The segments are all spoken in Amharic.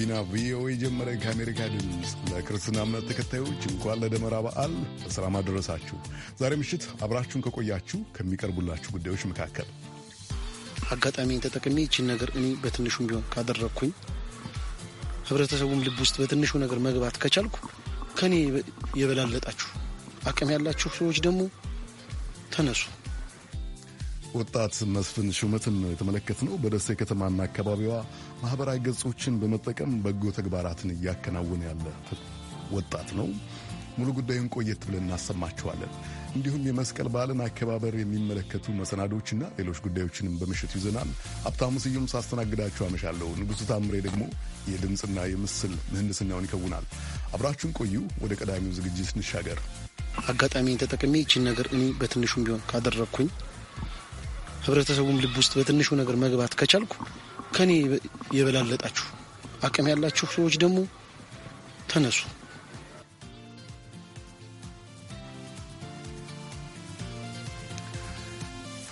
ጋቢና ቪኦኤ ጀመረ። ከአሜሪካ ድምፅ ለክርስትና እምነት ተከታዮች እንኳን ለደመራ በዓል በሰላም አደረሳችሁ። ዛሬ ምሽት አብራችሁን ከቆያችሁ ከሚቀርቡላችሁ ጉዳዮች መካከል አጋጣሚን ተጠቅሜ ይችን ነገር እኔ በትንሹም ቢሆን ካደረግኩኝ ህብረተሰቡም ልብ ውስጥ በትንሹ ነገር መግባት ከቻልኩ ከኔ የበላለጣችሁ አቅም ያላችሁ ሰዎች ደግሞ ተነሱ ወጣት መስፍን ሹመትን ነው በደሴ ከተማና አካባቢዋ ማህበራዊ ገጾችን በመጠቀም በጎ ተግባራትን እያከናወነ ያለ ወጣት ነው። ሙሉ ጉዳዩን ቆየት ብለን እናሰማችኋለን። እንዲሁም የመስቀል በዓልን አከባበር የሚመለከቱ መሰናዶችና ሌሎች ጉዳዮችንም በምሽቱ ይዘናል። ሀብታሙ ስዩም ሳስተናግዳችሁ አመሻለሁ። ንጉሥ ታምሬ ደግሞ የድምፅና የምስል ምህንድስናውን ይከውናል። አብራችሁን ቆዩ። ወደ ቀዳሚው ዝግጅት እንሻገር። አጋጣሚ ተጠቅሜ ይችን ነገር እኔ በትንሹም ቢሆን ካደረግኩኝ ህብረተሰቡም ልብ ውስጥ በትንሹ ነገር መግባት ከቻልኩ ከኔ የበላለጣችሁ አቅም ያላችሁ ሰዎች ደግሞ ተነሱ።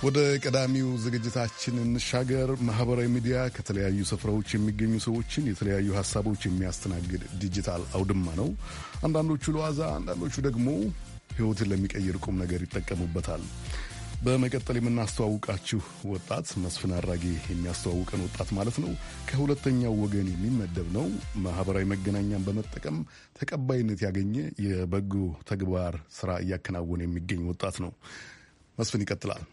ወደ ቀዳሚው ዝግጅታችን እንሻገር። ማህበራዊ ሚዲያ ከተለያዩ ስፍራዎች የሚገኙ ሰዎችን የተለያዩ ሀሳቦች የሚያስተናግድ ዲጂታል አውድማ ነው። አንዳንዶቹ ለዋዛ፣ አንዳንዶቹ ደግሞ ህይወትን ለሚቀይር ቁም ነገር ይጠቀሙበታል። በመቀጠል የምናስተዋውቃችሁ ወጣት መስፍን አድራጌ የሚያስተዋውቀን ወጣት ማለት ነው፣ ከሁለተኛው ወገን የሚመደብ ነው። ማህበራዊ መገናኛን በመጠቀም ተቀባይነት ያገኘ የበጎ ተግባር ስራ እያከናወነ የሚገኝ ወጣት ነው። መስፍን ይቀጥላል።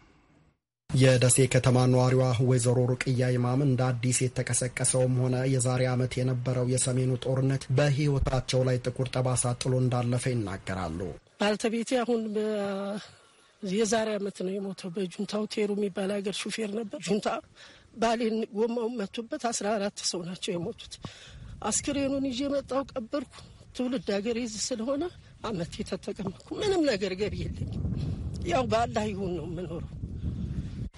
የደሴ ከተማ ነዋሪዋ ወይዘሮ ሩቅያ ይማም እንደ አዲስ የተቀሰቀሰውም ሆነ የዛሬ ዓመት የነበረው የሰሜኑ ጦርነት በህይወታቸው ላይ ጥቁር ጠባሳ ጥሎ እንዳለፈ ይናገራሉ። ባለቤቴ አሁን የዛሬ ዓመት ነው የሞተው። በጁንታው ቴሩ የሚባል ሀገር ሹፌር ነበር። ጁንታ ባሌን ጎማው መቱበት። አስራ አራት ሰው ናቸው የሞቱት። አስክሬኑን ይዤ መጣሁ፣ ቀበርኩ። ትውልድ ሀገር ይዝ ስለሆነ አመት የተጠቀመኩ ምንም ነገር ገቢ የለኝ። ያው በአላህ ይሁን ነው የምኖረው።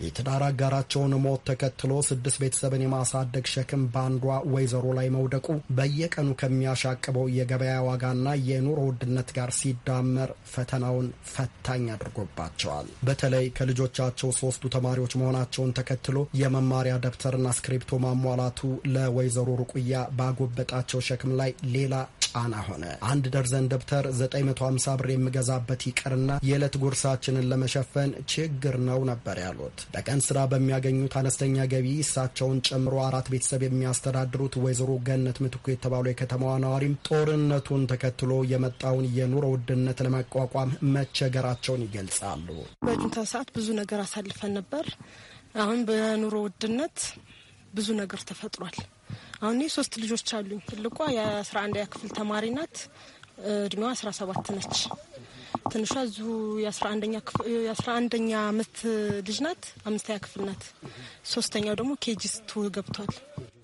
የትዳር አጋራቸውን ሞት ተከትሎ ስድስት ቤተሰብን የማሳደግ ሸክም በአንዷ ወይዘሮ ላይ መውደቁ በየቀኑ ከሚያሻቅበው የገበያ ዋጋና የኑሮ ውድነት ጋር ሲዳመር ፈተናውን ፈታኝ አድርጎባቸዋል። በተለይ ከልጆቻቸው ሶስቱ ተማሪዎች መሆናቸውን ተከትሎ የመማሪያ ደብተርና ስክሪፕቶ ማሟላቱ ለወይዘሮ ሩቁያ ባጎበጣቸው ሸክም ላይ ሌላ ጫና ሆነ። አንድ ደርዘን ደብተር 950 ብር የምገዛበት ይቅርና የዕለት ጉርሳችንን ለመሸፈን ችግር ነው ነበር ያሉት። በቀን ስራ በሚያገኙት አነስተኛ ገቢ እሳቸውን ጨምሮ አራት ቤተሰብ የሚያስተዳድሩት ወይዘሮ ገነት ምትኩ የተባሉ የከተማዋ ነዋሪም ጦርነቱን ተከትሎ የመጣውን የኑሮ ውድነት ለመቋቋም መቸገራቸውን ይገልጻሉ። በጁንታ ሰዓት ብዙ ነገር አሳልፈን ነበር። አሁን በኑሮ ውድነት ብዙ ነገር ተፈጥሯል። አሁን እኔ ሶስት ልጆች አሉኝ። ትልቋ የ11ኛ ክፍል ተማሪ ናት። እድሜዋ 17 ነች። ትንሿ እዚሁ የአስራ አንደኛ አመት ልጅ ናት። አምስተኛ ክፍል ናት። ሶስተኛው ደግሞ ኬጂስቱ ገብቷል።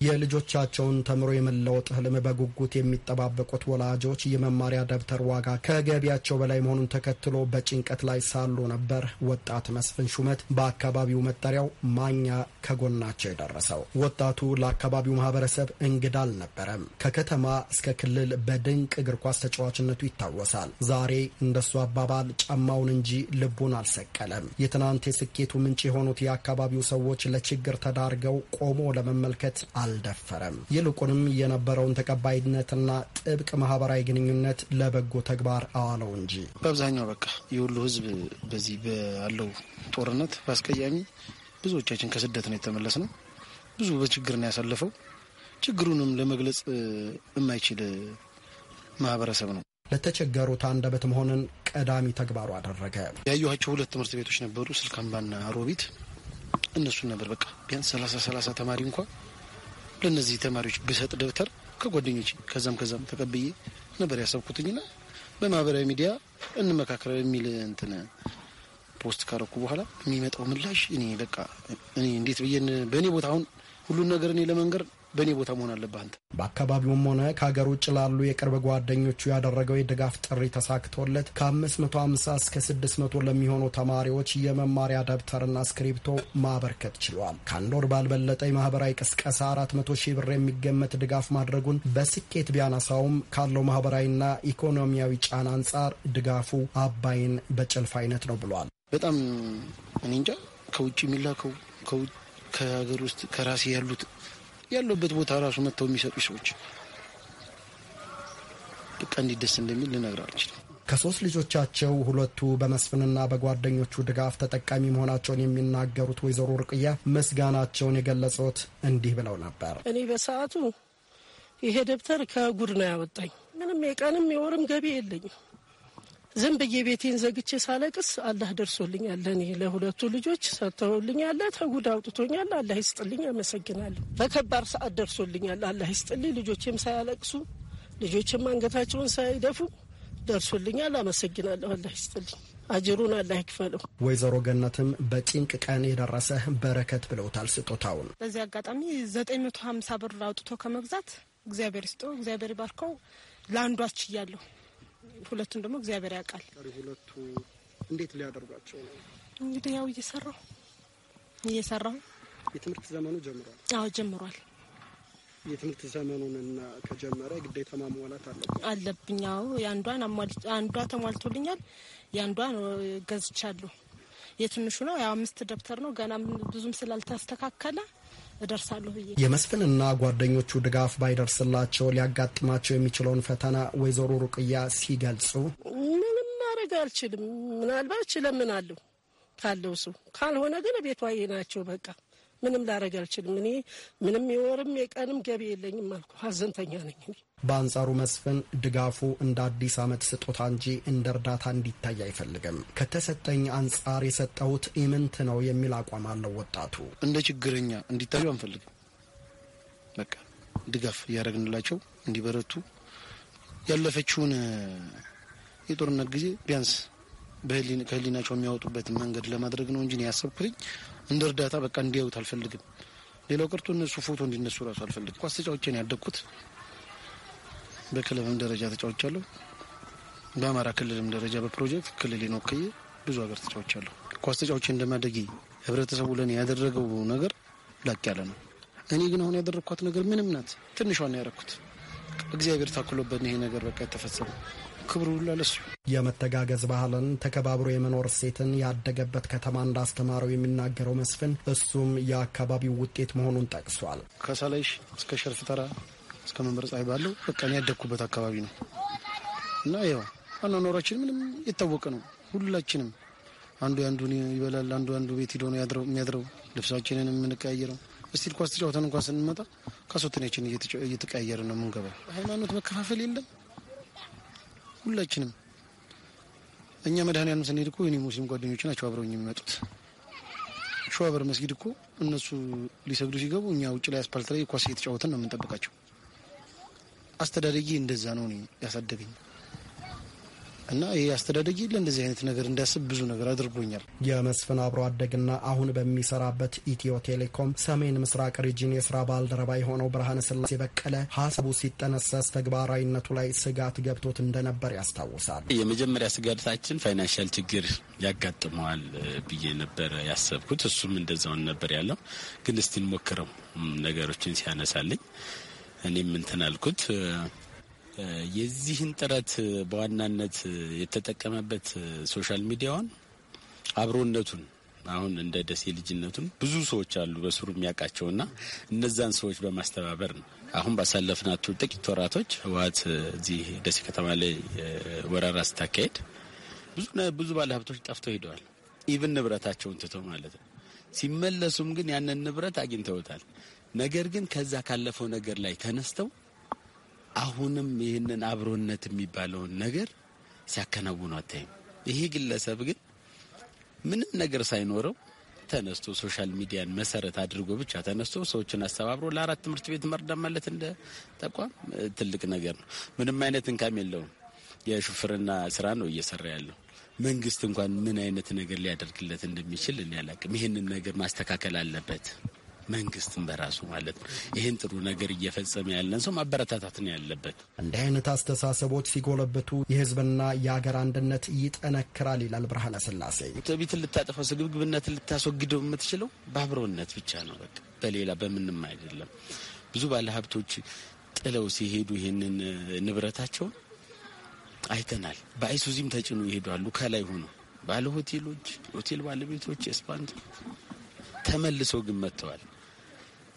የልጆቻቸውን ተምሮ የመለወጥ ህልም በጉጉት የሚጠባበቁት ወላጆች የመማሪያ ደብተር ዋጋ ከገቢያቸው በላይ መሆኑን ተከትሎ በጭንቀት ላይ ሳሉ ነበር ወጣት መስፍን ሹመት በአካባቢው መጠሪያው ማኛ ከጎናቸው የደረሰው። ወጣቱ ለአካባቢው ማህበረሰብ እንግዳ አልነበረም። ከከተማ እስከ ክልል በድንቅ እግር ኳስ ተጫዋችነቱ ይታወሳል። ዛሬ እንደሱ አባባል ጫማውን እንጂ ልቡን አልሰቀለም። የትናንት የስኬቱ ምንጭ የሆኑት የአካባቢው ሰዎች ለችግር ተዳርገው ቆሞ ለመመልከት አልደፈረም። ይልቁንም የነበረውን ተቀባይነትና ጥብቅ ማህበራዊ ግንኙነት ለበጎ ተግባር አዋለው እንጂ በአብዛኛው በቃ የሁሉ ህዝብ በዚህ ባለው ጦርነት በአስቀያሚ ብዙዎቻችን ከስደት ነው የተመለስ ነው። ብዙ በችግር ነው ያሳለፈው። ችግሩንም ለመግለጽ የማይችል ማህበረሰብ ነው። ለተቸገሩት አንደበት መሆንን ቀዳሚ ተግባሩ አደረገ። ያየኋቸው ሁለት ትምህርት ቤቶች ነበሩ፣ ስልካምባና ሮቢት። እነሱን ነበር በቃ ቢያንስ ሰላሳ ሰላሳ ተማሪ እንኳ ለእነዚህ ተማሪዎች ብሰጥ ደብተር ከጓደኞች ከዛም ከዛም ተቀብዬ ነበር ያሰብኩትኝና በማህበራዊ ሚዲያ እንመካከር የሚል እንትን ፖስት ካረኩ በኋላ የሚመጣው ምላሽ እኔ በቃ እኔ እንዴት ብዬ በእኔ ቦታ አሁን ሁሉን ነገር እኔ ለመንገር በእኔ ቦታ መሆን አለብህ አንተ። በአካባቢውም ሆነ ከሀገር ውጭ ላሉ የቅርብ ጓደኞቹ ያደረገው የድጋፍ ጥሪ ተሳክቶለት ከ550 እስከ 600 ለሚሆኑ ተማሪዎች የመማሪያ ደብተርና እስክሪብቶ ማበርከት ችሏል። ከአንድ ወር ባልበለጠ የማህበራዊ ቅስቀሳ 400 ሺህ ብር የሚገመት ድጋፍ ማድረጉን በስኬት ቢያነሳውም ካለው ማህበራዊና ኢኮኖሚያዊ ጫና አንጻር ድጋፉ አባይን በጭልፍ አይነት ነው ብሏል። በጣም እኔ እንጃ ከውጭ የሚላከው ከሀገር ውስጥ ከራሴ ያሉት ያለበት ቦታ ራሱ መጥተው የሚሰጡ ሰዎች በቃ እንዲ ደስ እንደሚል ልነግር አልችልም። ከሶስት ልጆቻቸው ሁለቱ በመስፍንና በጓደኞቹ ድጋፍ ተጠቃሚ መሆናቸውን የሚናገሩት ወይዘሮ ርቅያ ምስጋናቸውን የገለጹት እንዲህ ብለው ነበር። እኔ በሰዓቱ ይሄ ደብተር ከጉድ ነው ያወጣኝ። ምንም የቀንም የወርም ገቢ የለኝም። ዝም ብዬ ቤቴን ዘግቼ ሳለቅስ አላህ ደርሶልኛል። ለእኔ ለሁለቱ ልጆች ሰጥተውልኛል። ተጉድ አውጥቶኛል። አላህ ይስጥልኝ፣ አመሰግናለሁ። በከባድ ሰዓት ደርሶልኛል። አላህ ይስጥልኝ። ልጆችም ሳያለቅሱ ልጆችም አንገታቸውን ሳይደፉ ደርሶልኛል። አመሰግናለሁ። አላህ ይስጥልኝ። አጅሩን አላህ ይክፈለው። ወይዘሮ ገነትም በጭንቅ ቀን የደረሰ በረከት ብለውታል ስጦታውን። በዚህ አጋጣሚ ዘጠኝ መቶ ሀምሳ ብር አውጥቶ ከመግዛት እግዚአብሔር ስጦ እግዚአብሔር ባርከው ለአንዷ ችያለሁ ሁለቱን ደግሞ እግዚአብሔር ያውቃል። ሁለቱ እንዴት ሊያደርጓቸው ነው? እንግዲህ ያው እየሰራው እየሰራው የትምህርት ዘመኑ ጀምሯል። አዎ ጀምሯል። የትምህርት ዘመኑን እና ከጀመረ ግዴታ ማሟላት አለብኝ አለብኝ። አዎ የአንዷን አንዷ ተሟልቶልኛል፣ የአንዷን ገዝቻለሁ። የትንሹ ነው የአምስት ደብተር ነው። ገና ብዙም ስላልተስተካከለ እደርሳለሁ ብዬ የመስፍንና ጓደኞቹ ድጋፍ ባይደርስላቸው ሊያጋጥማቸው የሚችለውን ፈተና ወይዘሮ ሩቅያ ሲገልጹ ምንም ማድረግ አልችልም። ምናልባት እለምናለሁ ካለው ሰው ካልሆነ ግን ቤቷ ናቸው በቃ ምንም ላረግ አልችልም። እኔ ምንም የወርም የቀንም ገቢ የለኝም አልኩ። ሀዘንተኛ ነኝ በአንጻሩ መስፍን ድጋፉ እንደ አዲስ ዓመት ስጦታ እንጂ እንደ እርዳታ እንዲታይ አይፈልግም። ከተሰጠኝ አንጻር የሰጠሁት ኢምንት ነው የሚል አቋም አለው ወጣቱ። እንደ ችግረኛ እንዲታዩ አንፈልግም። በቃ ድጋፍ እያደረግንላቸው እንዲበረቱ ያለፈችውን የጦርነት ጊዜ ቢያንስ ከህሊናቸው የሚያወጡበትን መንገድ ለማድረግ ነው እንጂ ያሰብኩትኝ እንደ እርዳታ በቃ እንዲያዩት አልፈልግም። ሌላው ቀርቶ እነሱ ፎቶ እንዲነሱ እራሱ አልፈልግም። ኳስ ተጫውቼ ነው ያደግኩት። በክለብም ደረጃ ተጫውቻለሁ። በአማራ ክልልም ደረጃ በፕሮጀክት ክልል ኖክዬ ብዙ ሀገር ተጫውቻለሁ። ኳስ ተጫዎቼ እንደማደጌ ህብረተሰቡ ለእኔ ያደረገው ነገር ላቅ ያለ ነው። እኔ ግን አሁን ያደረግኳት ነገር ምንም ናት። ትንሿን ያረኩት እግዚአብሔር ታክሎበት ይሄ ነገር በቃ የተፈጸመ ክብሩ ለለሱ የመተጋገዝ ባህልን ተከባብሮ የመኖር እሴትን ያደገበት ከተማ እንዳስተማረው የሚናገረው መስፍን እሱም የአካባቢው ውጤት መሆኑን ጠቅሷል። ከሰላይሽ እስከ ሸርፍ ተራ እስከ መንበር ፀሐይ ባለው በቃ ያደግኩበት አካባቢ ነው እና ያው አኗኗራችን ምንም የታወቀ ነው። ሁላችንም አንዱ የአንዱ ይበላል፣ አንዱ አንዱ ቤት ሂዶ ነው የሚያድረው። ልብሳችንን የምንቀያየረው እስቲል ኳስ ተጫውተን እንኳን ስንመጣ ከሶትናችን እየተቀያየረ ነው የምንገባው። ሃይማኖት መከፋፈል የለም ሁላችንም እኛ መድኃኒዓለም ስንሄድ እኮ እኔ ሙስሊም ጓደኞች ናቸው አብረውኝ የሚመጡት። ሸዋበር መስጊድ እኮ እነሱ ሊሰግዱ ሲገቡ እኛ ውጭ ላይ አስፓልት ላይ ኳስ እየተጫወትን ነው የምንጠብቃቸው። አስተዳደጊ እንደዛ ነው እኔ ያሳደገኝ። እና ይህ አስተዳደግ ለእንደዚህ አይነት ነገር እንዳስብ ብዙ ነገር አድርጎኛል። የመስፍን አብሮ አደግና አሁን በሚሰራበት ኢትዮ ቴሌኮም ሰሜን ምስራቅ ሪጅን የስራ ባልደረባ የሆነው ብርሃነ ስላሴ በቀለ ሀሳቡ ሲጠነሰስ ተግባራዊነቱ ላይ ስጋት ገብቶት እንደነበር ያስታውሳል። የመጀመሪያ ስጋታችን ፋይናንሻል ችግር ያጋጥመዋል ብዬ ነበር ያሰብኩት። እሱም እንደዛውን ነበር ያለው። ግን እስቲ እንሞክረው ነገሮችን ሲያነሳልኝ እኔም እንትን አልኩት። የዚህን ጥረት በዋናነት የተጠቀመበት ሶሻል ሚዲያውን አብሮነቱን አሁን እንደ ደሴ ልጅነቱን ብዙ ሰዎች አሉ በስሩ የሚያውቃቸው እና እነዛን ሰዎች በማስተባበር ነው። አሁን ባሳለፍናቱ ጥቂት ወራቶች ህወሀት እዚህ ደሴ ከተማ ላይ ወረራ ስታካሄድ ብዙ ብዙ ባለሀብቶች ጠፍተው ሄደዋል። ኢቭን ንብረታቸውን ትተው ማለት ነው። ሲመለሱም ግን ያንን ንብረት አግኝተውታል። ነገር ግን ከዛ ካለፈው ነገር ላይ ተነስተው አሁንም ይህንን አብሮነት የሚባለውን ነገር ሲያከናውኑ አታይም። ይሄ ግለሰብ ግን ምንም ነገር ሳይኖረው ተነስቶ ሶሻል ሚዲያን መሰረት አድርጎ ብቻ ተነስቶ ሰዎችን አስተባብሮ ለአራት ትምህርት ቤት መርዳት ማለት እንደ ተቋም ትልቅ ነገር ነው። ምንም አይነት እንካም የለውም። የሹፍርና ስራ ነው እየሰራ ያለው። መንግስት እንኳን ምን አይነት ነገር ሊያደርግለት እንደሚችል እኔ አላቅም። ይህንን ነገር ማስተካከል አለበት። መንግስትም በራሱ ማለት ነው ይህን ጥሩ ነገር እየፈጸመ ያለን ሰው ማበረታታት ነው ያለበት። እንዲህ አይነት አስተሳሰቦች ሲጎለብቱ የህዝብና የሀገር አንድነት ይጠነክራል ይላል ብርሃነ ስላሴ። ትዕቢትን ልታጠፈው፣ ስግብግብነትን ልታስወግደው የምትችለው በአብሮነት ብቻ ነው። በቃ በሌላ በምንም አይደለም። ብዙ ባለሀብቶች ጥለው ሲሄዱ ይህንን ንብረታቸውን አይተናል። በአይሱዚም ተጭኖ ይሄዳሉ። ከላይ ሆኖ ባለ ሆቴሎች፣ ሆቴል ባለቤቶች፣ ስፓንት ተመልሰው ግን መጥተዋል።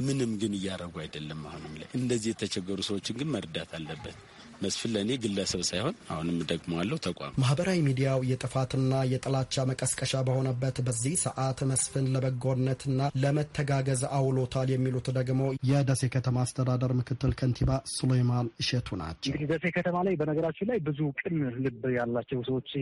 ምንም ግን እያደረጉ አይደለም። አሁንም ላይ እንደዚህ የተቸገሩ ሰዎችን ግን መርዳት አለበት። መስፍን ለእኔ ግለሰብ ሳይሆን አሁንም ደግመዋለሁ ተቋም ማህበራዊ ሚዲያው የጥፋትና የጥላቻ መቀስቀሻ በሆነበት በዚህ ሰዓት መስፍን ለበጎነትና ለመተጋገዝ አውሎታል የሚሉት ደግሞ የደሴ ከተማ አስተዳደር ምክትል ከንቲባ ሱሌማን እሸቱ ናቸው። እንግዲህ ደሴ ከተማ ላይ በነገራችን ላይ ብዙ ቅን ልብ ያላቸው ሰዎች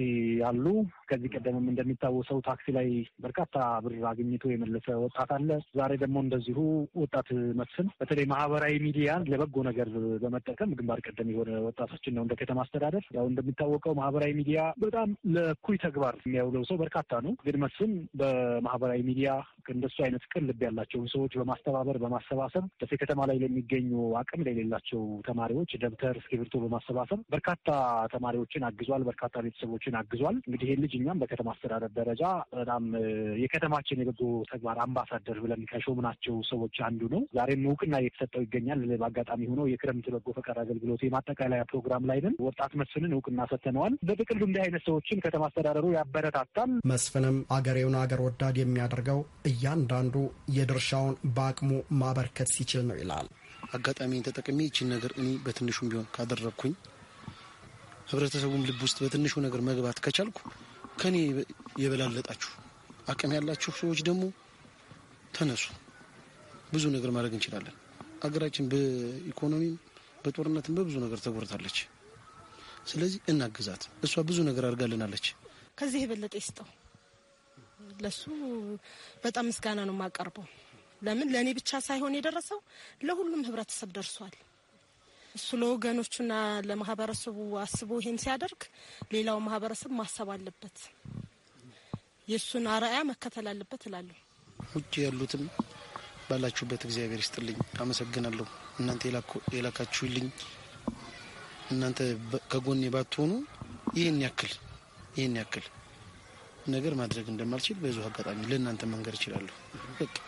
አሉ። ከዚህ ቀደምም እንደሚታወሰው ታክሲ ላይ በርካታ ብር አግኝቶ የመለሰ ወጣት አለ። ዛሬ ደግሞ እንደዚሁ ወጣት መስፍን በተለይ ማህበራዊ ሚዲያ ለበጎ ነገር በመጠቀም ግንባር ቀደም የሆነ ወጣቶችን ነው እንደ ከተማ አስተዳደር። ያው እንደሚታወቀው ማህበራዊ ሚዲያ በጣም ለኩይ ተግባር የሚያውለው ሰው በርካታ ነው። ግን መስፍን በማህበራዊ ሚዲያ እንደሱ አይነት ቅን ልብ ያላቸውን ሰዎች በማስተባበር በማሰባሰብ ደሴ ከተማ ላይ ለሚገኙ አቅም ለሌላቸው ተማሪዎች ደብተር፣ እስክሪብቶ በማሰባሰብ በርካታ ተማሪዎችን አግዟል። በርካታ ቤተሰቦችን አግዟል። እንግዲህ ይህ ልጅ እኛም በከተማ አስተዳደር ደረጃ በጣም የከተማችን የበጎ ተግባር አምባሳደር ብለን ከሾምናቸው ሰዎች አንዱ ነው። ዛሬም እውቅና እየተሰጠው ይገኛል። በአጋጣሚ ሆኖ የክረምት በጎ ፈቃድ አገልግሎት የማጠቃለያ ፕሮግራም ላይ ነን። ወጣት መስፍንን እውቅና ሰጥተነዋል። በጥቅሉ እንዲህ አይነት ሰዎችን ከተማ አስተዳደሩ ያበረታታል። መስፍንም አገሬውን አገር ወዳድ የሚያደርገው እያንዳንዱ የድርሻውን በአቅሙ ማበርከት ሲችል ነው ይላል። አጋጣሚን ተጠቅሜ ይችን ነገር እኔ በትንሹም ቢሆን ካደረግኩኝ ህብረተሰቡም ልብ ውስጥ በትንሹ ነገር መግባት ከቻልኩ ከኔ የበላለጣችሁ አቅም ያላችሁ ሰዎች ደግሞ ተነሱ፣ ብዙ ነገር ማድረግ እንችላለን። አገራችን በኢኮኖሚም በጦርነትም በብዙ ነገር ተጎርታለች። ስለዚህ እናግዛት። እሷ ብዙ ነገር አድርጋልናለች። ከዚህ የበለጠ ይስጠው። ለሱ በጣም ምስጋና ነው የማቀርበው። ለምን ለእኔ ብቻ ሳይሆን የደረሰው ለሁሉም ህብረተሰብ ደርሷል። እሱ ለወገኖቹና ለማህበረሰቡ አስቦ ይሄን ሲያደርግ ሌላው ማህበረሰብ ማሰብ አለበት፣ የእሱን አርአያ መከተል አለበት እላለሁ። ውጭ ያሉትም ባላችሁበት እግዚአብሔር ይስጥልኝ፣ አመሰግናለሁ። እናንተ የላካችሁልኝ እናንተ ከጎኔ ባትሆኑ ይህን ያክል ይህን ያክል ነገር ማድረግ እንደማልችል በዙ አጋጣሚ ለእናንተ መንገር እችላለሁ።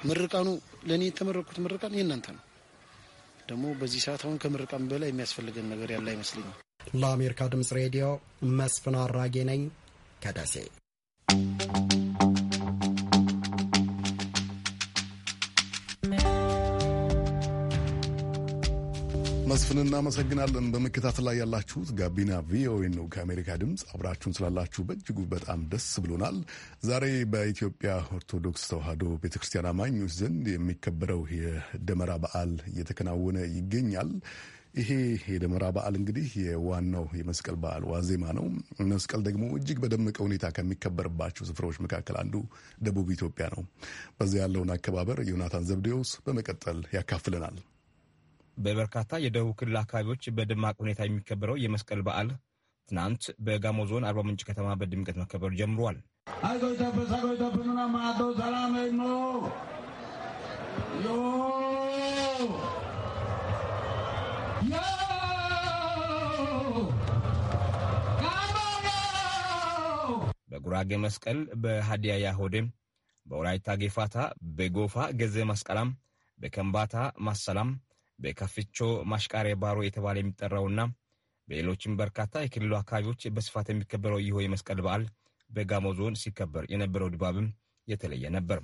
ምርቃኑ ለእኔ የተመረቅኩት ምርቃን የእናንተ ነው። ደግሞ በዚህ ሰዓት አሁን ከምርቃን በላይ የሚያስፈልገን ነገር ያለ አይመስለኝም። ለአሜሪካ ድምፅ ሬዲዮ መስፍን አራጌ ነኝ ከደሴ። መስፍን እናመሰግናለን። በመከታተል ላይ ያላችሁት ጋቢና ቪኦኤ ነው ከአሜሪካ ድምፅ። አብራችሁን ስላላችሁ በእጅጉ በጣም ደስ ብሎናል። ዛሬ በኢትዮጵያ ኦርቶዶክስ ተዋሕዶ ቤተክርስቲያን አማኞች ዘንድ የሚከበረው የደመራ በዓል እየተከናወነ ይገኛል። ይሄ የደመራ በዓል እንግዲህ የዋናው የመስቀል በዓል ዋዜማ ነው። መስቀል ደግሞ እጅግ በደመቀ ሁኔታ ከሚከበርባቸው ስፍራዎች መካከል አንዱ ደቡብ ኢትዮጵያ ነው። በዚያ ያለውን አከባበር ዮናታን ዘብዴዎስ በመቀጠል ያካፍለናል። በበርካታ የደቡብ ክልል አካባቢዎች በደማቅ ሁኔታ የሚከበረው የመስቀል በዓል ትናንት በጋሞ ዞን አርባ ምንጭ ከተማ በድምቀት መከበሩ ጀምሯል። በጉራጌ መስቀል፣ በሃዲያ ያሆዴ፣ በወላይታ ጌፋታ፣ በጎፋ ገዜ ማስቀላም፣ በከምባታ ማሰላም በካፍቾ ማሽቃሬ ባሮ የተባለ የሚጠራውና በሌሎችም በርካታ የክልሉ አካባቢዎች በስፋት የሚከበረው ይኸው የመስቀል በዓል በጋሞ ዞን ሲከበር የነበረው ድባብም የተለየ ነበር።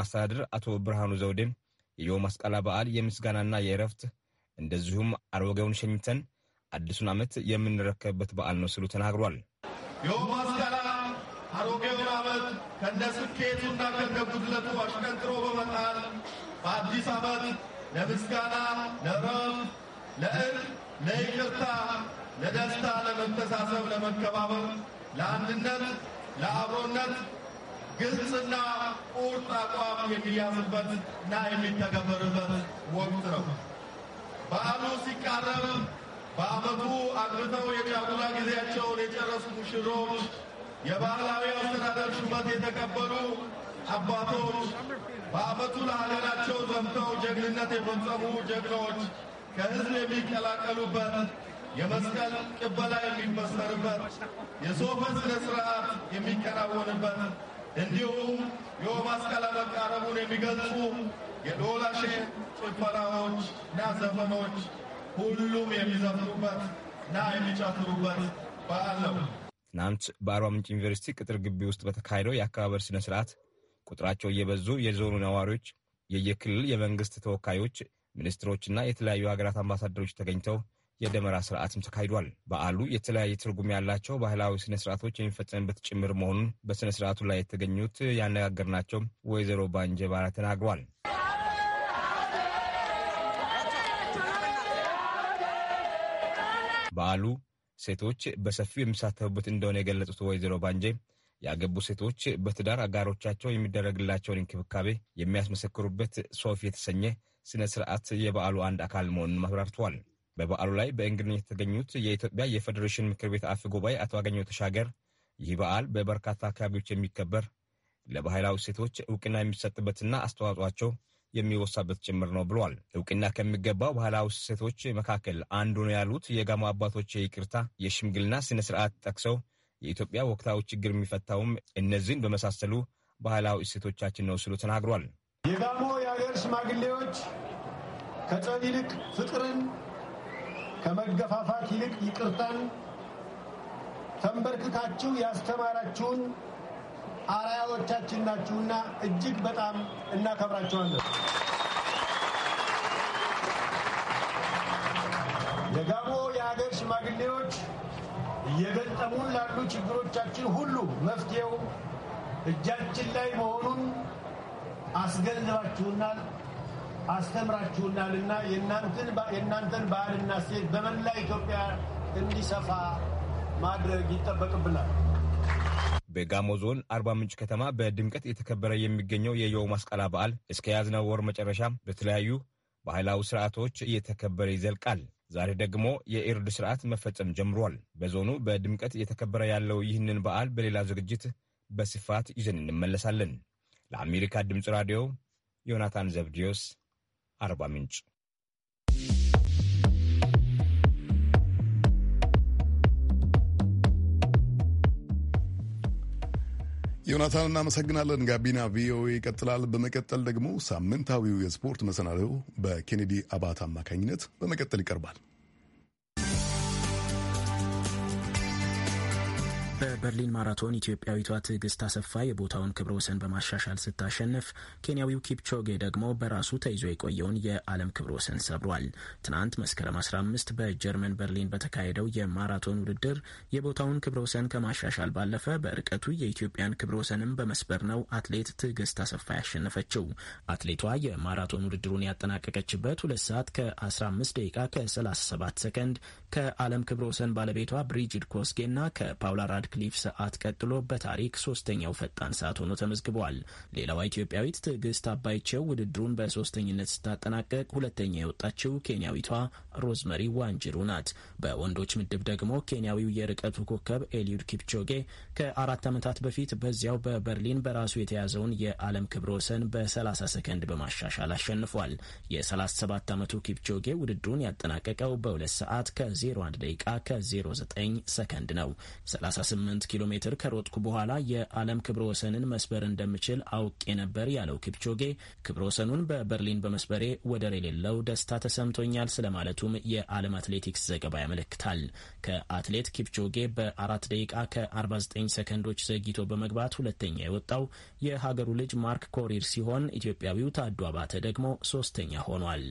ዞን አስተዳደር አቶ ብርሃኑ ዘውዴ የዮም አስቃላ በዓል የምስጋናና የእረፍት እንደዚሁም አሮጌውን ሸኝተን አዲሱን ዓመት የምንረከብበት በዓል ነው ስሉ ተናግሯል። ዮም አስቃላ አሮጌውን ዓመት ከእንደ ስኬቱና ከነ ጉድለቱ አሽቀንጥሮ በመጣል በአዲስ ዓመት ለምስጋና፣ ለእረፍት፣ ለእርቅ፣ ለይቅርታ፣ ለደስታ፣ ለመተሳሰብ፣ ለመከባበር፣ ለአንድነት፣ ለአብሮነት ግልጽና ቁርጥ አቋም የሚያዝበትና የሚተገበርበት ወቅት ነው። በዓሉ ሲቃረብ በዓመቱ አግብተው የጫጉላ ጊዜያቸውን የጨረሱ ሙሽሮች፣ የባህላዊ አስተዳደር ሹመት የተቀበሉ አባቶች፣ በዓመቱ ለሀገራቸው ዘምተው ጀግንነት የፈጸሙ ጀግኖች ከህዝብ የሚቀላቀሉበት የመስቀል ቅበላ የሚመሰርበት የሶፈ ስነ ስርዓት የሚከናወንበት እንዲሁም የወር መስቀል መቃረቡን የሚገልጹ የዶላ ጭፈራዎች እና ዘፈኖች ሁሉም የሚዘፍኑበት እና የሚጨፍሩበት በዓል ነው። ትናንት በአርባ ምንጭ ዩኒቨርሲቲ ቅጥር ግቢ ውስጥ በተካሄደው የአከባበር ስነ ስርዓት ቁጥራቸው እየበዙ የዞኑ ነዋሪዎች፣ የየክልል የመንግስት ተወካዮች፣ ሚኒስትሮችና የተለያዩ ሀገራት አምባሳደሮች ተገኝተው የደመራ ስርዓትም ተካሂዷል። በዓሉ የተለያየ ትርጉም ያላቸው ባህላዊ ስነ ስርዓቶች የሚፈጸምበት ጭምር መሆኑን በስነ ስርዓቱ ላይ የተገኙት ያነጋገርናቸው ወይዘሮ ባንጀ ባራ ተናግሯል። በዓሉ ሴቶች በሰፊው የሚሳተፉበት እንደሆነ የገለጹት ወይዘሮ ባንጄ ያገቡ ሴቶች በትዳር አጋሮቻቸው የሚደረግላቸውን እንክብካቤ የሚያስመሰክሩበት ሶፍ የተሰኘ ስነ ስርዓት የበዓሉ አንድ አካል መሆኑን አብራርተዋል። በበዓሉ ላይ በእንግድነት የተገኙት የኢትዮጵያ የፌዴሬሽን ምክር ቤት አፈ ጉባኤ አቶ አገኘሁ ተሻገር ይህ በዓል በበርካታ አካባቢዎች የሚከበር ለባህላዊ ሴቶች እውቅና የሚሰጥበትና አስተዋጽኦቸው የሚወሳበት ጭምር ነው ብሏል። እውቅና ከሚገባው ባህላዊ ሴቶች መካከል አንዱ ነው ያሉት የጋሞ አባቶች የይቅርታ የሽምግልና ስነ ስርዓት ጠቅሰው የኢትዮጵያ ወቅታዊ ችግር የሚፈታውም እነዚህን በመሳሰሉ ባህላዊ እሴቶቻችን ነው ሲሉ ተናግሯል። የጋሞ የአገር ሽማግሌዎች ከጸብ ይልቅ ፍቅርን ከመገፋፋት ይልቅ ይቅርታን ተንበርክካችሁ ያስተማራችሁን አርአያዎቻችን ናችሁና እጅግ በጣም እናከብራችኋለን። የጋሞ የሀገር ሽማግሌዎች እየገጠሙን ላሉ ችግሮቻችን ሁሉ መፍትሄው እጃችን ላይ መሆኑን አስገንዝባችሁናል። አስተምራችሁናልና የእናንተን ባህልና ሴት በመላ ኢትዮጵያ እንዲሰፋ ማድረግ ይጠበቅብናል። በጋሞ ዞን አርባ ምንጭ ከተማ በድምቀት የተከበረ የሚገኘው የየው ማስቀላ በዓል እስከ ያዝነው ወር መጨረሻ በተለያዩ ባህላዊ ስርዓቶች እየተከበረ ይዘልቃል። ዛሬ ደግሞ የኢርድ ስርዓት መፈጸም ጀምሯል። በዞኑ በድምቀት እየተከበረ ያለው ይህንን በዓል በሌላ ዝግጅት በስፋት ይዘን እንመለሳለን። ለአሜሪካ ድምፅ ራዲዮ ዮናታን ዘብዲዮስ አርባ ምንጭ። ዮናታን እናመሰግናለን። ጋቢና ቪኦኤ ይቀጥላል። በመቀጠል ደግሞ ሳምንታዊው የስፖርት መሰናዶው በኬኔዲ አባት አማካኝነት በመቀጠል ይቀርባል። በበርሊን ማራቶን ኢትዮጵያዊቷ ትዕግስት አሰፋ የቦታውን ክብረ ወሰን በማሻሻል ስታሸንፍ፣ ኬንያዊው ኪፕቾጌ ደግሞ በራሱ ተይዞ የቆየውን የዓለም ክብረ ወሰን ሰብሯል። ትናንት መስከረም 15 በጀርመን በርሊን በተካሄደው የማራቶን ውድድር የቦታውን ክብረ ወሰን ከማሻሻል ባለፈ በርቀቱ የኢትዮጵያን ክብረ ወሰንም በመስበር ነው አትሌት ትዕግስት አሰፋ ያሸነፈችው። አትሌቷ የማራቶን ውድድሩን ያጠናቀቀችበት ሁለት ሰዓት ከ15 ደቂቃ ከ37 ሰከንድ ከዓለም ክብረ ወሰን ባለቤቷ ብሪጅድ ኮስጌና ከፓውላ ራድ ራድክሊፍ ሰዓት ቀጥሎ በታሪክ ሶስተኛው ፈጣን ሰዓት ሆኖ ተመዝግቧል። ሌላዋ ኢትዮጵያዊት ትዕግስት አባይቸው ውድድሩን በሶስተኝነት ስታጠናቀቅ ሁለተኛ የወጣችው ኬንያዊቷ ሮዝመሪ ዋንጅሩ ናት። በወንዶች ምድብ ደግሞ ኬንያዊው የርቀቱ ኮከብ ኤሊዩድ ኪፕቾጌ ከአራት ዓመታት በፊት በዚያው በበርሊን በራሱ የተያዘውን የዓለም ክብረ ወሰን በ30 ሰከንድ በማሻሻል አሸንፏል። የ37 ዓመቱ ኪፕቾጌ ውድድሩን ያጠናቀቀው በ2 ሰዓት ከ01 ደቂቃ ከ09 ሰከንድ ነው። 8 ኪሎ ሜትር ከሮጥኩ በኋላ የዓለም ክብረ ወሰንን መስበር እንደምችል አውቄ ነበር ያለው ኪፕቾጌ ክብረ ወሰኑን በበርሊን በመስበሬ ወደር የሌለው ደስታ ተሰምቶኛል ስለማለቱም የዓለም አትሌቲክስ ዘገባ ያመለክታል። ከአትሌት ኪፕቾጌ በአራት ደቂቃ ከ49 ሰከንዶች ዘግይቶ በመግባት ሁለተኛ የወጣው የሀገሩ ልጅ ማርክ ኮሪር ሲሆን ኢትዮጵያዊው ታዱ አባተ ደግሞ ሶስተኛ ሆኗል።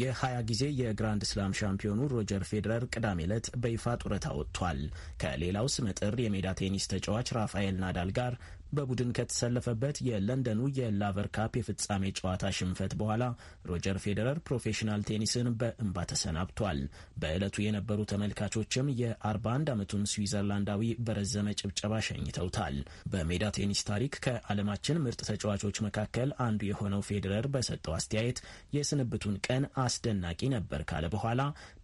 የ20 ጊዜ የግራንድ ስላም ሻምፒዮኑ ሮጀር ፌዴረር ቅዳሜ ዕለት በይፋ ጡረታ ወጥቷል። ከሌላው ስመጥር የሜዳ ቴኒስ ተጫዋች ራፋኤል ናዳል ጋር በቡድን ከተሰለፈበት የለንደኑ የላቨር ካፕ የፍጻሜ ጨዋታ ሽንፈት በኋላ ሮጀር ፌዴረር ፕሮፌሽናል ቴኒስን በእንባ ተሰናብቷል። በዕለቱ የነበሩ ተመልካቾችም የ41 ዓመቱን ስዊዘርላንዳዊ በረዘመ ጭብጨባ ሸኝተውታል። በሜዳ ቴኒስ ታሪክ ከዓለማችን ምርጥ ተጫዋቾች መካከል አንዱ የሆነው ፌዴረር በሰጠው አስተያየት የስንብቱን ቀን አስደናቂ ነበር ካለ በኋላ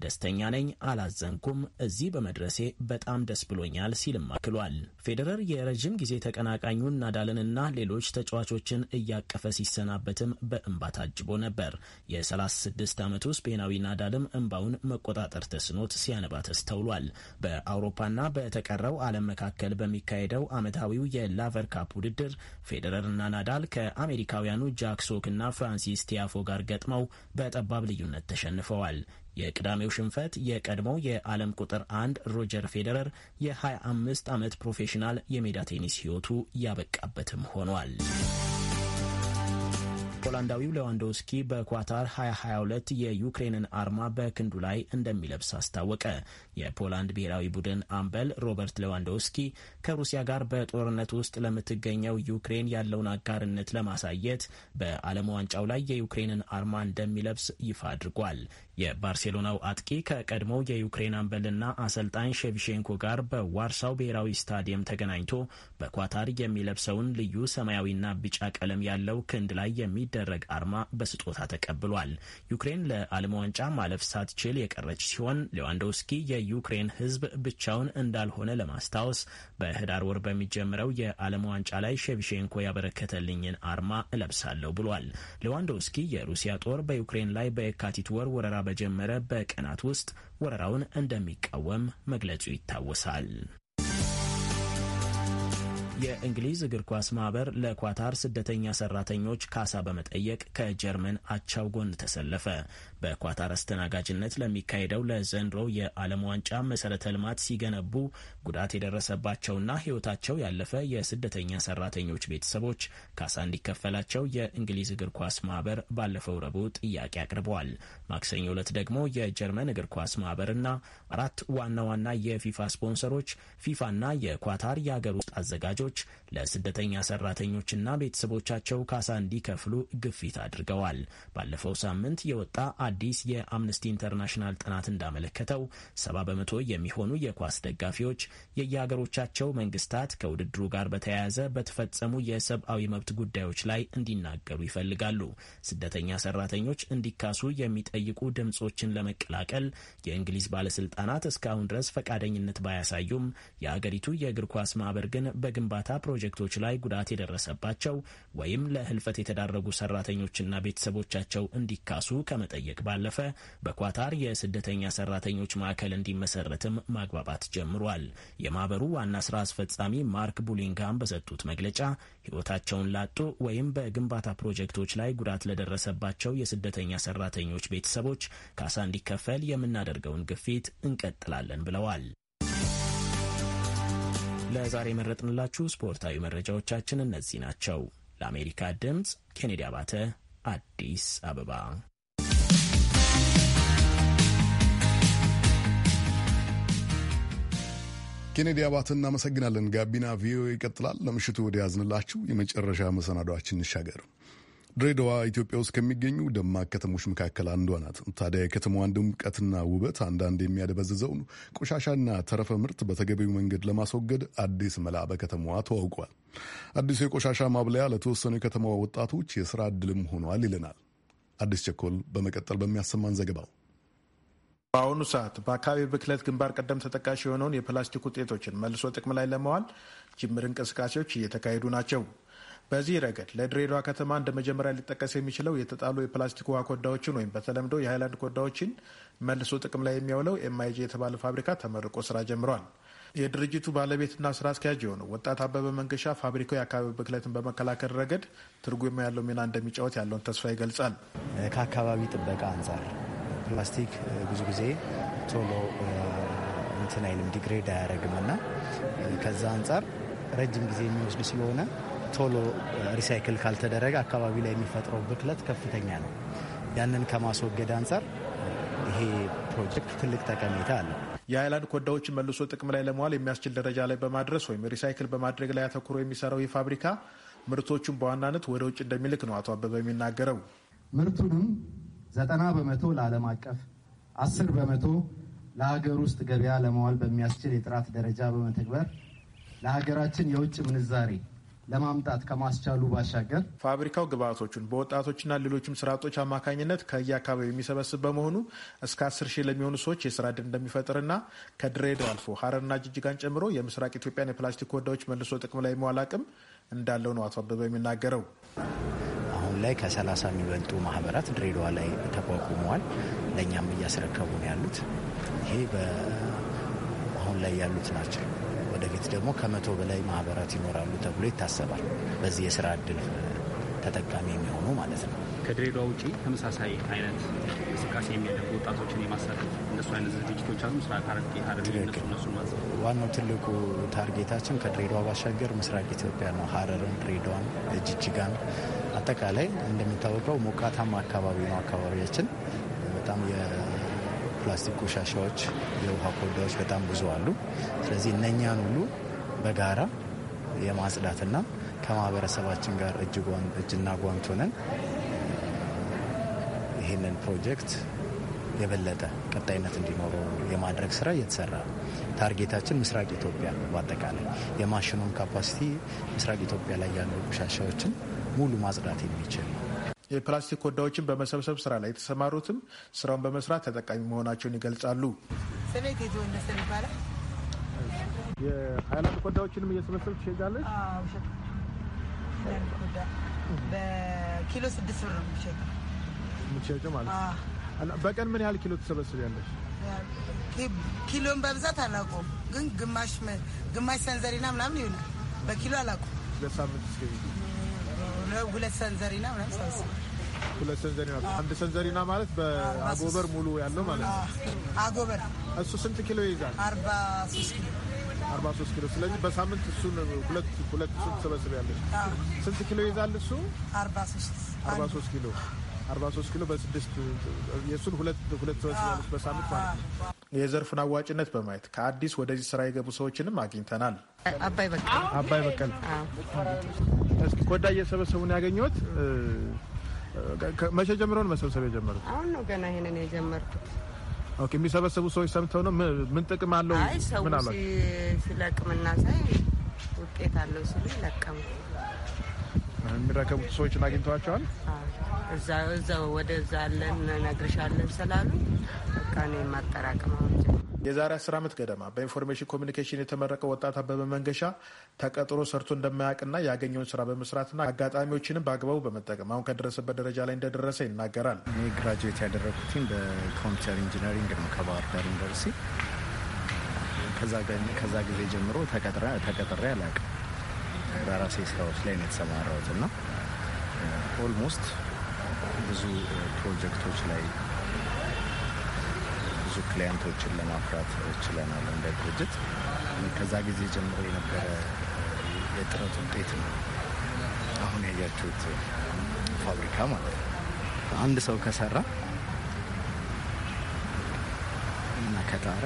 ደስተኛ ነኝ፣ አላዘንኩም፣ እዚህ በመድረሴ በጣም ደስ ብሎኛል ሲልም አክሏል። ፌዴረር የረዥም ጊዜ ተቀናቃኝ አሰልጣኙን ናዳልንና ሌሎች ተጫዋቾችን እያቀፈ ሲሰናበትም በእንባ ታጅቦ ነበር። የ36 ዓመቱ ስፔናዊ ናዳልም እንባውን መቆጣጠር ተስኖት ሲያነባ ተስተውሏል። በአውሮፓና በተቀረው ዓለም መካከል በሚካሄደው ዓመታዊው የላቨር ካፕ ውድድር ፌዴረርና ናዳል ከአሜሪካውያኑ ጃክ ሶክ እና ፍራንሲስ ቲያፎ ጋር ገጥመው በጠባብ ልዩነት ተሸንፈዋል። የቅዳሜው ሽንፈት የቀድሞው የዓለም ቁጥር አንድ ሮጀር ፌዴረር የ25 ዓመት ፕሮፌሽናል የሜዳ ቴኒስ ሕይወቱ ያበቃበትም ሆኗል። ፖላንዳዊው ሌዋንዶውስኪ በኳታር 2022 የዩክሬንን አርማ በክንዱ ላይ እንደሚለብስ አስታወቀ። የፖላንድ ብሔራዊ ቡድን አምበል ሮበርት ሌዋንዶውስኪ ከሩሲያ ጋር በጦርነት ውስጥ ለምትገኘው ዩክሬን ያለውን አጋርነት ለማሳየት በዓለም ዋንጫው ላይ የዩክሬንን አርማ እንደሚለብስ ይፋ አድርጓል። የባርሴሎናው አጥቂ ከቀድሞው የዩክሬን አምበልና አሰልጣኝ ሼቭሼንኮ ጋር በዋርሳው ብሔራዊ ስታዲየም ተገናኝቶ በኳታር የሚለብሰውን ልዩ ሰማያዊና ቢጫ ቀለም ያለው ክንድ ላይ የሚደረግ አርማ በስጦታ ተቀብሏል። ዩክሬን ለዓለም ዋንጫ ማለፍ ሳትችል የቀረች ሲሆን ሌዋንዶውስኪ የዩክሬን ሕዝብ ብቻውን እንዳልሆነ ለማስታወስ በህዳር ወር በሚጀምረው የዓለም ዋንጫ ላይ ሼቭሼንኮ ያበረከተልኝን አርማ እለብሳለሁ ብሏል። ሌዋንዶውስኪ የሩሲያ ጦር በዩክሬን ላይ በየካቲት ወር ወረራ በጀመረ በቀናት ውስጥ ወረራውን እንደሚቃወም መግለጹ ይታወሳል። የእንግሊዝ እግር ኳስ ማህበር ለኳታር ስደተኛ ሰራተኞች ካሳ በመጠየቅ ከጀርመን አቻው ጎን ተሰለፈ። በኳታር አስተናጋጅነት ለሚካሄደው ለዘንድሮ የዓለም ዋንጫ መሰረተ ልማት ሲገነቡ ጉዳት የደረሰባቸውና ሕይወታቸው ያለፈ የስደተኛ ሰራተኞች ቤተሰቦች ካሳ እንዲከፈላቸው የእንግሊዝ እግር ኳስ ማህበር ባለፈው ረቡዕ ጥያቄ አቅርበዋል። ማክሰኞ ሁለት ደግሞ የጀርመን እግር ኳስ ማህበርና አራት ዋና ዋና የፊፋ ስፖንሰሮች ፊፋና የኳታር የአገር ውስጥ አዘጋጆች ኤምባሲዎች ለስደተኛ ሰራተኞችና ቤተሰቦቻቸው ካሳ እንዲከፍሉ ግፊት አድርገዋል። ባለፈው ሳምንት የወጣ አዲስ የአምነስቲ ኢንተርናሽናል ጥናት እንዳመለከተው ሰባ በመቶ የሚሆኑ የኳስ ደጋፊዎች የየሀገሮቻቸው መንግስታት ከውድድሩ ጋር በተያያዘ በተፈጸሙ የሰብአዊ መብት ጉዳዮች ላይ እንዲናገሩ ይፈልጋሉ። ስደተኛ ሰራተኞች እንዲካሱ የሚጠይቁ ድምጾችን ለመቀላቀል የእንግሊዝ ባለስልጣናት እስካሁን ድረስ ፈቃደኝነት ባያሳዩም የአገሪቱ የእግር ኳስ ማህበር ግን በግንባ ግንባታ ፕሮጀክቶች ላይ ጉዳት የደረሰባቸው ወይም ለህልፈት የተዳረጉ ሰራተኞችና ቤተሰቦቻቸው እንዲካሱ ከመጠየቅ ባለፈ በኳታር የስደተኛ ሰራተኞች ማዕከል እንዲመሰረትም ማግባባት ጀምሯል። የማህበሩ ዋና ስራ አስፈጻሚ ማርክ ቡሊንጋም በሰጡት መግለጫ ህይወታቸውን ላጡ ወይም በግንባታ ፕሮጀክቶች ላይ ጉዳት ለደረሰባቸው የስደተኛ ሰራተኞች ቤተሰቦች ካሳ እንዲከፈል የምናደርገውን ግፊት እንቀጥላለን ብለዋል። ለዛሬ የመረጥንላችሁ ስፖርታዊ መረጃዎቻችን እነዚህ ናቸው። ለአሜሪካ ድምፅ ኬኔዲ አባተ፣ አዲስ አበባ። ኬኔዲ አባተ እናመሰግናለን። ጋቢና ቪኦኤ ይቀጥላል። ለምሽቱ ወደ ያዝንላችሁ የመጨረሻ መሰናዷችን እንሻገር። ድሬዳዋ ኢትዮጵያ ውስጥ ከሚገኙ ደማቅ ከተሞች መካከል አንዷ ናት። ታዲያ የከተማዋን ድምቀትና ውበት አንዳንድ የሚያደበዝዘውን ቆሻሻና ተረፈ ምርት በተገቢው መንገድ ለማስወገድ አዲስ መላ በከተማዋ ተዋውቋል። አዲሱ የቆሻሻ ማብለያ ለተወሰኑ የከተማዋ ወጣቶች የስራ እድልም ሆኗል ይለናል አዲስ ቸኮል በመቀጠል በሚያሰማን ዘገባው በአሁኑ ሰዓት በአካባቢ ብክለት ግንባር ቀደም ተጠቃሽ የሆነውን የፕላስቲክ ውጤቶችን መልሶ ጥቅም ላይ ለመዋል ጅምር እንቅስቃሴዎች እየተካሄዱ ናቸው። በዚህ ረገድ ለድሬዳዋ ከተማ እንደ መጀመሪያ ሊጠቀስ የሚችለው የተጣሉ የፕላስቲክ ውሃ ኮዳዎችን ወይም በተለምዶ የሃይላንድ ኮዳዎችን መልሶ ጥቅም ላይ የሚያውለው ኤምአይጂ የተባለ ፋብሪካ ተመርቆ ስራ ጀምሯል። የድርጅቱ ባለቤትና ስራ አስኪያጅ የሆነው ወጣት አበበ መንገሻ ፋብሪካው የአካባቢ ብክለትን በመከላከል ረገድ ትርጉም ያለው ሚና እንደሚጫወት ያለውን ተስፋ ይገልጻል። ከአካባቢ ጥበቃ አንጻር ፕላስቲክ ብዙ ጊዜ ቶሎ እንትን አይልም፣ ዲግሬድ አያደርግም እና ከዛ አንጻር ረጅም ጊዜ የሚወስድ ስለሆነ ቶሎ ሪሳይክል ካልተደረገ አካባቢ ላይ የሚፈጥረው ብክለት ከፍተኛ ነው። ያንን ከማስወገድ አንጻር ይሄ ፕሮጀክት ትልቅ ጠቀሜታ አለው። የአይላንድ ኮዳዎችን መልሶ ጥቅም ላይ ለመዋል የሚያስችል ደረጃ ላይ በማድረስ ወይም ሪሳይክል በማድረግ ላይ አተኩሮ የሚሰራው ይህ ፋብሪካ ምርቶቹን በዋናነት ወደ ውጭ እንደሚልክ ነው አቶ አበበ የሚናገረው። ምርቱንም ዘጠና በመቶ ለዓለም አቀፍ፣ አስር በመቶ ለሀገር ውስጥ ገበያ ለመዋል በሚያስችል የጥራት ደረጃ በመተግበር ለሀገራችን የውጭ ምንዛሬ ለማምጣት ከማስቻሉ ባሻገር ፋብሪካው ግብአቶቹን በወጣቶችና ሌሎችም ስርዓቶች አማካኝነት ከየአካባቢው የሚሰበስብ በመሆኑ እስከ አስር ሺህ ለሚሆኑ ሰዎች የስራ ዕድል እንደሚፈጥርና ከድሬዳዋ አልፎ ሀረርና ጅጅጋን ጨምሮ የምስራቅ ኢትዮጵያን የፕላስቲክ ወዳዎች መልሶ ጥቅም ላይ መዋል አቅም እንዳለው ነው አቶ አበበ የሚናገረው። አሁን ላይ ከሰላሳ የሚበልጡ ማህበራት ድሬዳዋ ላይ ተቋቁመዋል። ለእኛም እያስረከቡ ነው ያሉት። ይሄ አሁን ላይ ያሉት ናቸው። ወደፊት ደግሞ ከመቶ በላይ ማህበራት ይኖራሉ ተብሎ ይታሰባል። በዚህ የስራ እድል ተጠቃሚ የሚሆኑ ማለት ነው። ከድሬዳዋ ውጭ ተመሳሳይ አይነት እንቅስቃሴ የሚያደርጉ ወጣቶችን የማሳደግ እነሱ አይነት ዝግጅቶች አሉ። ምስራቅ ሐረርጌ ዋናው ትልቁ ታርጌታችን ከድሬዳዋ ባሻገር ምስራቅ ኢትዮጵያ ነው። ሐረርን፣ ድሬዳዋን፣ ጅጅጋን አጠቃላይ እንደሚታወቀው ሞቃታማ አካባቢ ነው አካባቢያችን በጣም ፕላስቲክ ቆሻሻዎች፣ የውሃ ኮዳዎች በጣም ብዙ አሉ። ስለዚህ እነኛን ሁሉ በጋራ የማጽዳትና ከማህበረሰባችን ጋር እጅና ጓንት ሆነን ይህንን ፕሮጀክት የበለጠ ቀጣይነት እንዲኖረው የማድረግ ስራ እየተሰራ ነው። ታርጌታችን ምስራቅ ኢትዮጵያ ነው። በአጠቃላይ የማሽኑን ካፓሲቲ ምስራቅ ኢትዮጵያ ላይ ያሉ ቆሻሻዎችን ሙሉ ማጽዳት የሚችል ነው። የፕላስቲክ ወዳዎችን በመሰብሰብ ስራ ላይ የተሰማሩትም ስራውን በመስራት ተጠቃሚ መሆናቸውን ይገልጻሉ። ስሜት የትወነሰ ይባላል። የሀይላንድ ኮዳዎችንም እየሰበሰብ ትሸጫለሽ? በኪሎ ስድስት ብር ነው የምትሸጪው ማለት ነው። በቀን ምን ያህል ኪሎ ትሰበስቢያለሽ? ኪሎን በብዛት አላውቀውም፣ ግን ግማሽ ግማሽ ሰንዘሪና ምናምን ይሆናል። በኪሎ አላውቀውም። ሁለት ሰንዘሪና ምናምን ሰብስብ ሁለት ሰንዘሪና አንድ ሰንዘሪና ማለት በአጎበር ሙሉ ያለው ማለት ነው። አጎበር እሱ ስንት ኪሎ ይይዛል? አርባ ሶስት ኪሎ አርባ ሶስት ኪሎ ስለዚህ በሳምንት እሱን ሁለት ሁለት ሱን ትሰበስብ ያለች ስንት ኪሎ ይይዛል እሱ? አርባ ሶስት አርባ ሶስት ኪሎ 43 ኪሎ በስድስት የእሱን ሁለት ሁለት ሰዎች ያሉት በሳምንት ማለት ነው። የዘርፉን አዋጭነት በማየት ከአዲስ ወደዚህ ስራ የገቡ ሰዎችንም አግኝተናል። አባይ በቀል እስኪ ኮዳ እየሰበሰቡን ያገኘት መቼ ጀምረውን መሰብሰብ የጀመሩት? አሁን ነው ገና ይሄንን የጀመርኩት። ኦኬ የሚሰበሰቡ ሰዎች ሰምተው ነው ምን ጥቅም አለው? ምን ሲለቅምና ሳይ ውጤት አለው ሲሉ ይለቀሙ የሚረከቡት ሰዎችን አግኝተዋቸዋል? እዛ እዛው ወደዛ አለን እነግርሻለን ስላሉ በቃ እኔ ማጠራቅመው የዛሬ አስር ዓመት ገደማ በኢንፎርሜሽን ኮሚኒኬሽን የተመረቀው ወጣት አበበ መንገሻ ተቀጥሮ ሰርቶ እንደማያውቅና ያገኘውን ስራ በመስራትና አጋጣሚዎችንም በአግባቡ በመጠቀም አሁን ከደረሰበት ደረጃ ላይ እንደደረሰ ይናገራል። እኔ ግራጁዌት ያደረጉትኝ በኮምፒውተር ኢንጂነሪንግ ነው ከባህር ዳር ዩኒቨርሲቲ። ከዛ ጊዜ ጀምሮ ተቀጥሬ አላውቅም። በራሴ ስራዎች ላይ ነው የተሰማራሁት እና ኦልሞስት uh, ብዙ ፕሮጀክቶች uh, ላይ ብዙ ክሊያንቶችን ለማፍራት ችለናል እንደ ድርጅት። ከዛ ጊዜ ጀምሮ የነበረ የጥረት ውጤት ነው አሁን ያያችሁት ፋብሪካ ማለት ነው። አንድ ሰው ከሰራ እና ከጣረ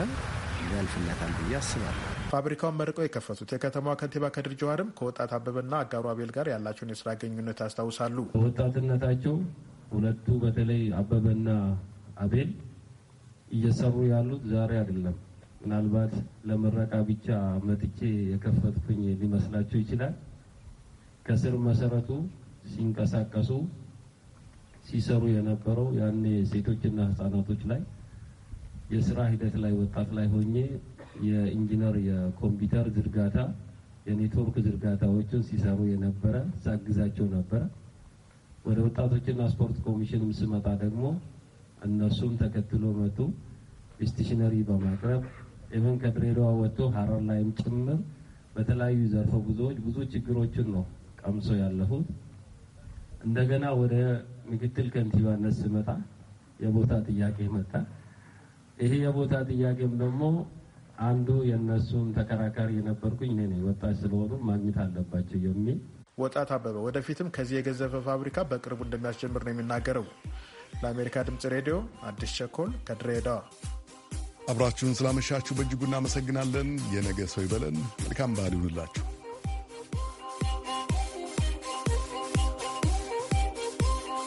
ያልፍለታል ብዬ አስባለሁ። ፋብሪካውን መርቀው የከፈቱት የከተማዋ ከንቲባ ከድር ጀዋርም ከወጣት አበበና አጋሩ አቤል ጋር ያላቸውን የስራ ግንኙነት ያስታውሳሉ። በወጣትነታቸው ሁለቱ በተለይ አበበና አቤል እየሰሩ ያሉት ዛሬ አይደለም። ምናልባት ለምረቃ ብቻ መጥቼ የከፈትኩኝ ሊመስላቸው ይችላል። ከስር መሰረቱ ሲንቀሳቀሱ ሲሰሩ የነበረው ያኔ ሴቶችና ህጻናቶች ላይ የስራ ሂደት ላይ ወጣት ላይ ሆኜ የኢንጂነር የኮምፒውተር ዝርጋታ የኔትወርክ ዝርጋታዎችን ሲሰሩ የነበረ ሳግዛቸው ነበረ። ወደ ወጣቶችና ስፖርት ኮሚሽንም ስመጣ ደግሞ እነሱም ተከትሎ መጡ። ስቴሽነሪ በማቅረብ ይህን ከድሬዳዋ ወጥቶ ሀረር ላይም ጭምር በተለያዩ ዘርፈ ብዙዎች ብዙ ችግሮችን ነው ቀምሶ ያለፉት። እንደገና ወደ ምክትል ከንቲባነት ስመጣ የቦታ ጥያቄ መጣ። ይሄ የቦታ ጥያቄም ደግሞ አንዱ የእነሱም ተከራካሪ የነበርኩኝ እኔ ነኝ። ወጣት ስለሆኑ ማግኘት አለባቸው የሚል ወጣት አበበ ወደፊትም ከዚህ የገዘፈ ፋብሪካ በቅርቡ እንደሚያስጀምር ነው የሚናገረው። ለአሜሪካ ድምፅ ሬዲዮ አዲስ ቸኮል ከድሬዳዋ አብራችሁን ስላመሻችሁ በእጅጉ እናመሰግናለን። የነገ ሰው ይበለን። መልካም ባህል ይሁንላችሁ።